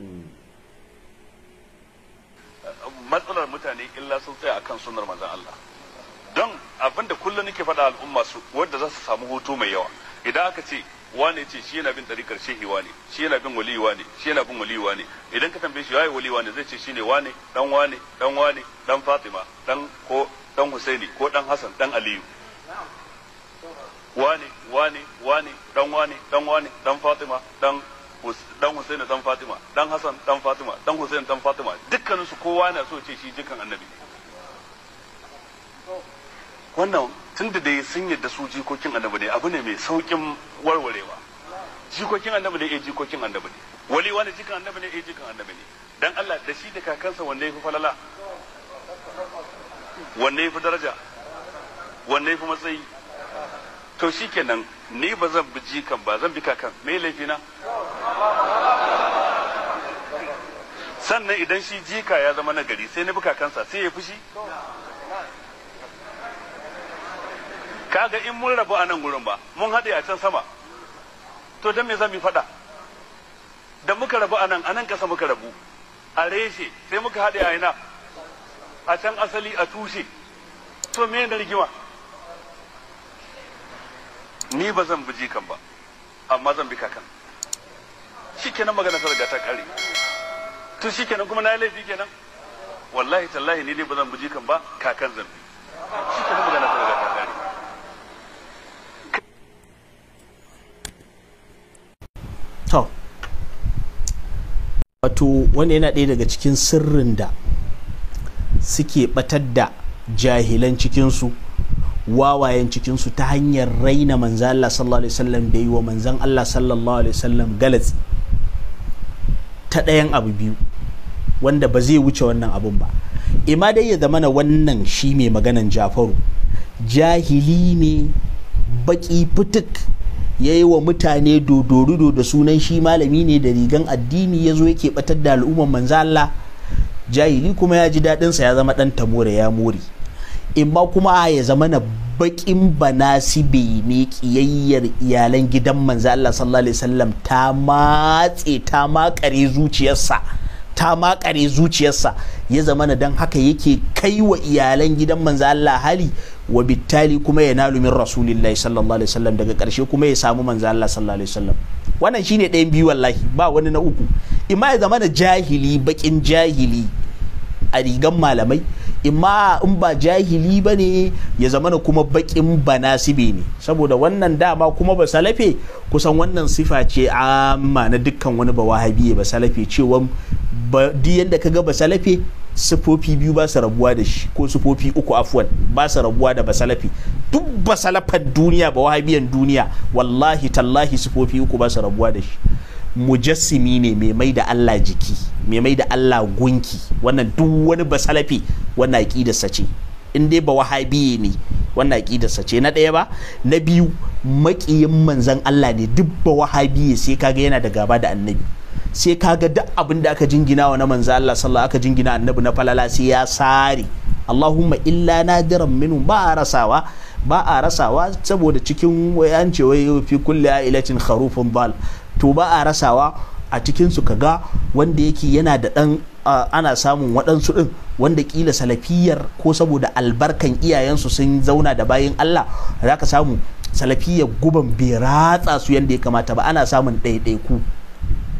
Mm. matsalar mutane illa sun tsaya kan sunar manzon Allah don abinda kullum nake faɗa al'umma su wanda za su samu hoto mai yawa idan aka ce wane ce shi yana bin ɗarikar shehi wane shi yana bin wali wane shi yana bin wali wane idan ka tambaye shi yayi wali wane zai ce ne wane dan wane dan wane dan Fatima dan ko dan Husaini ko dan Hassan dan Aliyu wane wane wane dan wane dan wane dan Fatima dan dan Hussein dan Fatima dan Hassan dan Fatima dan Hussein dan Fatima dukkan su kowa na so ce shi jikan annabi wannan tun da dai sun yadda su jikokin annabi ne abu ne mai saukin warwarewa jikokin annabi ne eh jikokin annabi ne wali wani jikan annabi ne eh jikan annabi ne dan Allah da shi da kakansa wanne yafi falala wanne yafi daraja wanne yafi matsayi to shikenan ni ba zan bi jikan ba zan bi kakan me laifi na sannan idan shi jika ya zama nagari sai na buka kansa sai ya fushi kaga in mun rabu a nan gurin ba mun haɗe a can sama to don me zan yi faɗa da muka rabu a nan a nan ƙasa muka rabu a reshe sai muka haɗe a ina a can asali a tushe to me da rigima ni ba zan bi jikan ba amma zan bi kakan shikenan magana ta riga ta kare to shikenan kuma na laifi kenan wallahi tallahi ni dai ba zan buji kan ba kakan zan bi shikenan magana ta riga ta kare to wato wanda yana ɗaya daga cikin sirrin da suke batar da jahilan cikinsu wawayen cikinsu ta hanyar raina manzan Allah sallallahu alaihi wasallam da yi wa manzan Allah sallallahu alaihi wasallam galatsi ta ɗayan abu biyu wanda ba zai wuce wannan abun ba ima dai ya zamana wannan shi mai maganan jafaru jahili ne baki fituk ya yi wa mutane dodorido da sunan shi malami ne da rigan addini ya zo yake batar da al'umman manzo Allah jahili kuma ya ji daɗinsa ya zama ɗan tamore ya more imma kuma ya zama na bakin banasibe ne kiyayyar iyalan gidan manzo Allah sallallahu alaihi wasallam ta matse ta makare zuciyarsa ta makare zuciyarsa ya zamana dan haka yake kai wa iyalan gidan manzo Allah hali wa bittali kuma ya nalu min rasulillahi sallallahu alaihi wasallam daga karshe kuma ya samu manzo Allah sallallahu alaihi wasallam wannan shine ɗayan biyu wallahi ba wani na uku imma ya zama na jahili baƙin jahili a rigan malamai imma in ba jahili ba ne ya zama na kuma baƙin banasibe ne saboda wannan dama kuma ba salafe kusan wannan sifa ce amma na dukkan wani ba wahabiye ba salafe cewa duk yadda ka ga ba salafe sufofi biyu ba su rabuwa da shi ko sufofi uku afwan ba su rabuwa da basalafi duk basalafan duniya ba wahabiyan duniya wallahi tallahi sufofi uku ba su rabuwa da shi mujassimi ne mai mai da Allah jiki mai mai da Allah gunki wannan duk wani basalafi wannan aqidarsa ce in dai ba wahabiye ne wannan aqidarsa ce na ɗaya ba na biyu maƙiyin manzan Allah ne duk ba wahabiye sai kaga yana da gaba da annabi sai kaga duk abin da aka jingina wa na manzan Allah sallallahu aka jingina annabi na falala sai ya sare Allahumma illa nadiran minhu ba rasawa ba a rasawa saboda cikin an ce wai fi kulli ailatin kharufun bal to ba a rasawa a cikin su kaga wanda yake yana da dan ana samun waɗansu ɗin wanda kila salafiyar ko saboda albarkan iyayensu sun zauna da bayan Allah za ka samu salafiyar guban bai ratsa su yadda ya kamata ba ana samun ɗaiɗaiku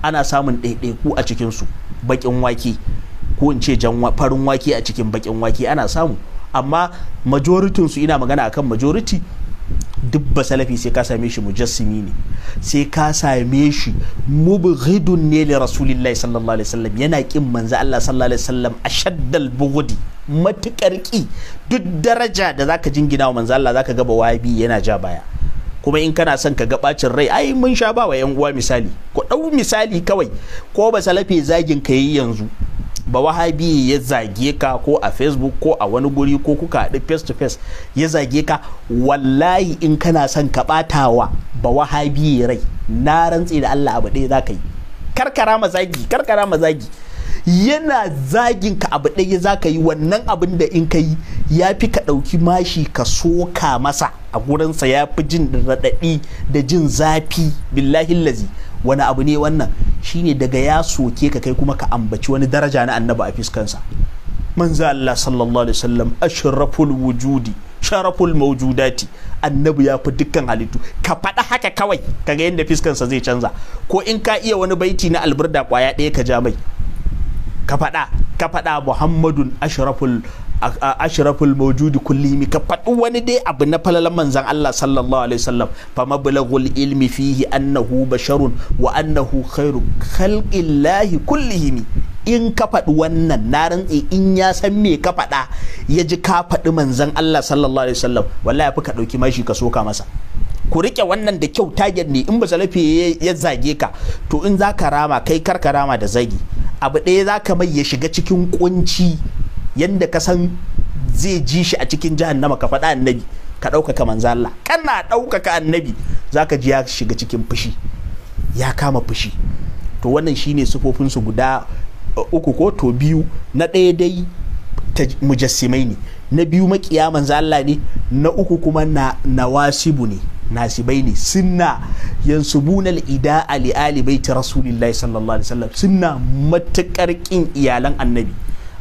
ana samun ɗaiɗaiku a cikinsu baƙin wake ko in ce farin wake a cikin baƙin wake ana samu amma majoritinsu ina magana akan majority duk ba salafi sai ka same shi mujassimi ne sai ka same shi mubghidun ne li rasulillahi sallallahu alaihi wasallam yana kin manzo Allah sallallahu alaihi wasallam ashaddal bughdi matukar ki duk daraja da zaka jingina wa manzo Allah zaka ga wabi yana ja baya kuma in kana son ka ga bacin rai ai mun sha ba wa yan uwa misali ko dau misali kawai ko ba salafi zagin ka yi yanzu ba wahabi ya zage ka ko a facebook ko a wani guri ko kuka haɗu face to face ya zage ka wallahi in kana son ka ɓatawa ba wahabi rai na rantse da allah abu ɗaya za yi karkara mazagi karkara mazagi yana zagin ka abu ɗaya za yi wannan abin da in ka yi ya fi ka ɗauki mashi ka soka masa a gurinsa ya fi jin raɗaɗi da jin zafi billahi lazi wani abu ne wannan shine daga ya soke ka kai kuma ka ambaci wani daraja na annabi a fiskansa manzo Allah sallallahu alaihi wasallam ashraful wujudi sharaful mawjudati annabi ya fi dukkan halittu ka faɗa haka kawai kaga yadda fiskansa zai canza ko in ka iya wani baiti na albirda kwaya ɗaya ka ja mai ka faɗa ka faɗa muhammadun ashraful a ashraful mawjudi mi ka fadu wani dai abu na falalan manzan Allah sallallahu alaihi wasallam fa mablaghul ilmi fihi annahu basharun wa annahu khairu khalqillahi kullihim in ka fadi wannan na rantsi in ya san me ka fada ya ji ka fadi manzan Allah sallallahu alaihi wasallam wallahi fi ka ɗauki mashi ka soka masa ku rike wannan da kyau tagen ne in ba salafi ya zage ka to in za ka rama kai kar ka rama da zagi abu ɗaya zaka mai ya shiga cikin kunci yadda ka san zai ji shi a cikin jahannama ka faɗa annabi ka ɗaukaka manzo Allah kana ɗaukaka annabi za ka ji ya shiga cikin fushi ya kama fushi to wannan shine sufofinsu guda uh, uku ko to biyu na ɗaya dai mujassimai ne na biyu makiya manzo Allah ne na uku kuma na nawasibu ne nasibai ne suna yansubuna al-ida ali ali baiti rasulillahi sallallahu alaihi wasallam sunna matakar kin iyalan annabi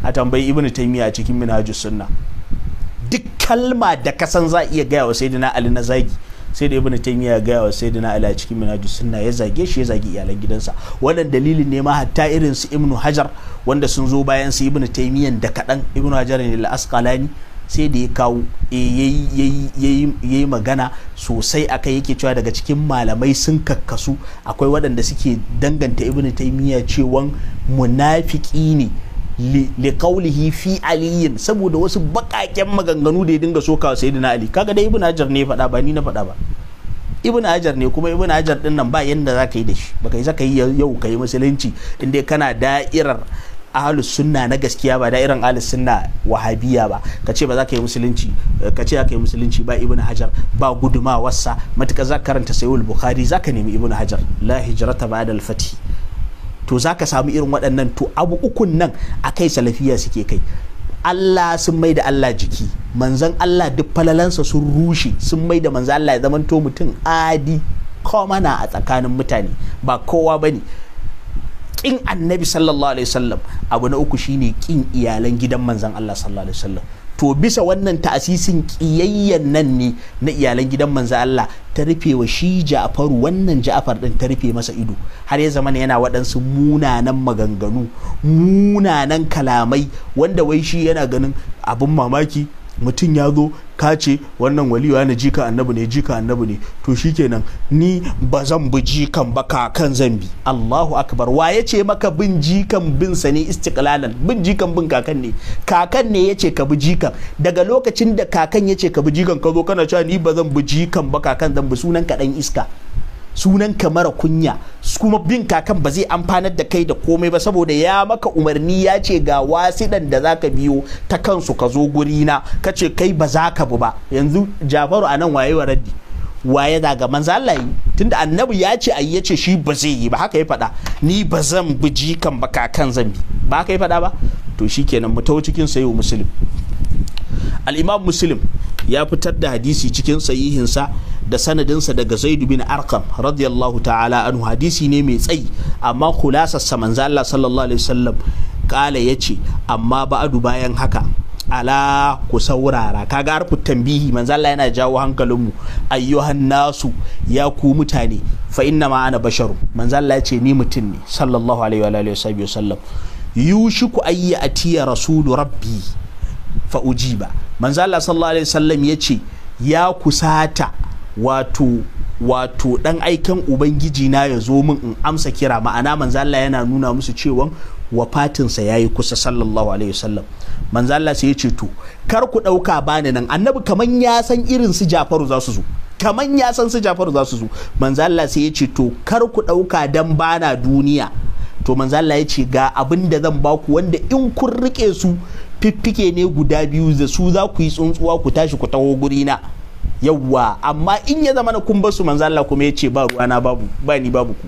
a tambayi ibnu taymiya a cikin minhajus sunna duk kalma da kasan za iya gaya wa sayyidina ali na zagi sai da ibnu taymiya ya gaya wa sayyidina ali a cikin minhajus sunna ya zage shi ya zage iyalan gidansa wannan dalilin ne ma hatta irin su ibnu hajar wanda sun zo bayan su ibnu taymiyan da kadan ibnu hajar ne al-asqalani sai da ya kawo yayi magana sosai akai yake cewa daga cikin malamai sun kakkasu akwai waɗanda suke danganta ibnu taymiya cewan munafiki ne li fi aliyin saboda wasu baƙaƙen maganganu da ya dinga soka sayyidina ali kaga dai ibnu hajar ne faɗa ba ni na faɗa ba ibn hajar ne kuma ibn hajar din nan ba yanda za ka yi da shi ba kai zaka yi yau ka yi musulunci in dai kana da'irar ahlus sunna na gaskiya ba da'irar ahlus sunna wahabiya ba ka ce ba za ka yi musulunci ka ce za ka yi musulunci ba ibn hajar ba gudumawarsa matuƙa za ka karanta sayyid bukhari za ka nemi ibn hajar la hijrata ba'da al-fatih to za ka samu irin waɗannan to abu ukun nan a kai salafiya suke kai Allah sun mai da Allah jiki manzan Allah duk falalansa sun rushe sun mai da manzan Allah ya zamanto mutum adi komana a tsakanin mutane ba kowa ba ne kin annabi sallallahu alaihi wasallam abu na uku shine ƙin iyalan gidan manzan Allah sallallahu alaihi wasallam to bisa wannan ta'asisin kiyayyan nan ne na iyalan gidan manzo Allah ta rufe wa shi Ja'faru wannan Ja'far din ta rufe masa ido har ya zama yana waɗansu munanan maganganu munanan kalamai wanda wai shi yana ganin abin mamaki mutum ya zo ka ce wannan waliyu na jika annabi ne jika annabi ne to shikenan ni ba zan bi jikan ba kakan zan bi Allahu akbar wa ya ce maka bin jikan bin sa ne istiqlalan bin jikan bin kakan ne kakan ne ya ce ka bi jikan daga lokacin da kakan ya ce ka bi jikan ka zo kana cewa ni ba zan bi jikan ba kakan zan bi sunan ka dan iska sunan ka mara kunya kuma bin kakan ba zai amfanar da kai da komai ba saboda ya maka umarni ya ce ga wasiɗan da za ka biyo ta kansu ka zo guri na ka ce kai ba za ka bu ba yanzu jafaru a nan waye wa raddi waye daga manzo Allah tunda annabi ya ce ayi ya ce shi ba zai yi ba haka ya faɗa ni ba zan bi jikan ba kakan zan bi ba haka ya faɗa ba to shikenan mu tawo cikin sayo muslim al-imam muslim ya fitar da hadisi cikin sahihinsa da sanadinsa daga zaidu bin arkam radiyallahu ta'ala anhu hadisi ne mai tsayi amma kulasa saman manzo sallallahu alaihi wasallam kala ce amma ba'adu bayan haka ala ku saurara ga harfin tambihi manzo yana jawo hankalinmu ayyuhan nasu ya ku mutane fa inna ma ana basharu manzo ya ce ni mutum ne sallallahu alaihi wa alihi wasallam yushiku a atiya rasulu rabbi fa ujiba manzo sallallahu alaihi wasallam ya ce ya kusata wato wato dan aiken ubangiji na ya zo min in amsa kira ma'ana manzo yana nuna musu cewa wafatinsa yayi kusa sallallahu alaihi wasallam manzo Allah sai ya ce to kar ku dauka bani nan annabi kaman ya san irin su Jafaru za su zo kaman ya san su Jafaru za su zo manzo sai ya ce to kar ku dauka dan bana duniya to manzo Allah ya ce ga abin da zan baku wanda in kun rike su fiffike ne guda biyu da su za ku yi tsuntsuwa ku tashi ku taho guri na yawwa amma in ya zama na kun basu manzo Allah kuma ya ce ba ruwana babu ba ni babu ku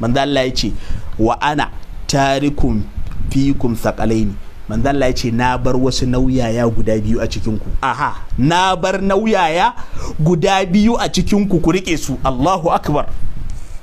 manzo Allah ya ce wa ana tarikum fikum saqalaini manzo Allah ya ce na bar wasu nauyaya guda biyu a cikin ku aha na bar nauyaya guda biyu a cikin ku ku rike su Allahu akbar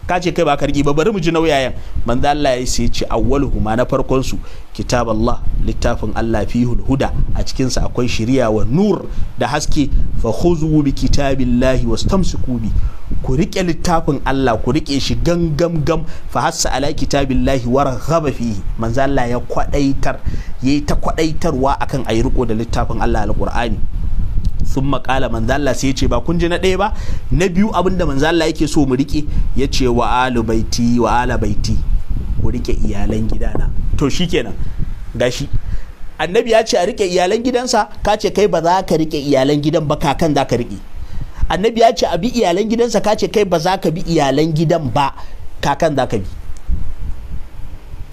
ka ce kai ba ka rigi ba bari mu ji nauyayen manzo Allah ya sai awwaluhu ma na farkon su kitaballah littafin Allah fihul huda a cikin sa akwai shiriya wa nur da haske fa khuzu bi kitabillahi wastamsiku bi ku rike littafin Allah ku rike shi gangam gam fa hasa ala kitabillahi wa raghaba fihi manzo Allah ya kwadaitar yayi ta kwadaitarwa akan ayi riko da littafin Allah alqur'ani sun makala manzala sai ya ce ba kun ji na ɗaya ba na biyu abin da manzo yake so mu rike ya ce wa alu baiti wa ala baiti ku rike iyalan gidana to shikenan gashi annabi ya ce a rike iyalan gidansa ka ce kai ba za ka rike iyalan gidan ba kakan za ka rike annabi ya ce a bi iyalan gidansa ka ce kai ba za ka bi iyalan gidan ba kakan za ka bi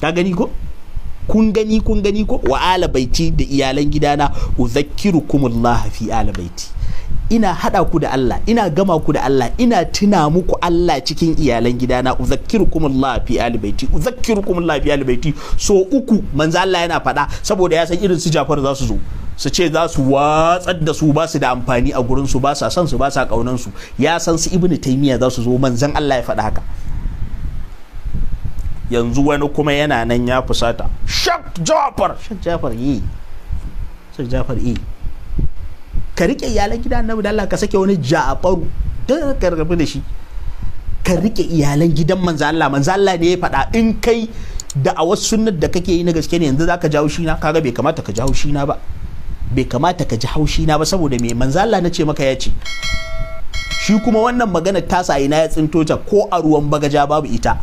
ka gani ko kun gani kun gani ko wa ala da iyalan gidana uzakkirukumullah fi ala baiti ina hada ku da Allah ina gama ku da Allah ina tuna muku Allah cikin iyalan gidana uzakkirukumullah fi ali baiti uzakkirukumullah fi ali baiti so uku manzo Allah yana fada saboda ya san irin su Jafar za su zo su ce za su watsar da su ba su da amfani a gurin su ba sa son su ba sa kaunan su ya san su ibnu taymiya za su zo manzon Allah ya fada haka yanzu wani kuma yana nan ya fusata shak jafar shak jafar yi e. shak jafar yi e. ka rike iyalan gidan annabi da ka sake wani jafar don ka rabu da shi ka rike iyalan gidan manzala manzala ne ya faɗa in kai da a wasu sunnar da kake yi na gaske ne yanzu zaka jawo shi na kaga bai kamata ka jawo shi na ba bai kamata ka ji haushi na ba saboda me manzo na ce maka ya ce shi kuma wannan magana tasa ina ya tsinto ta ko a ruwan bagaja babu ita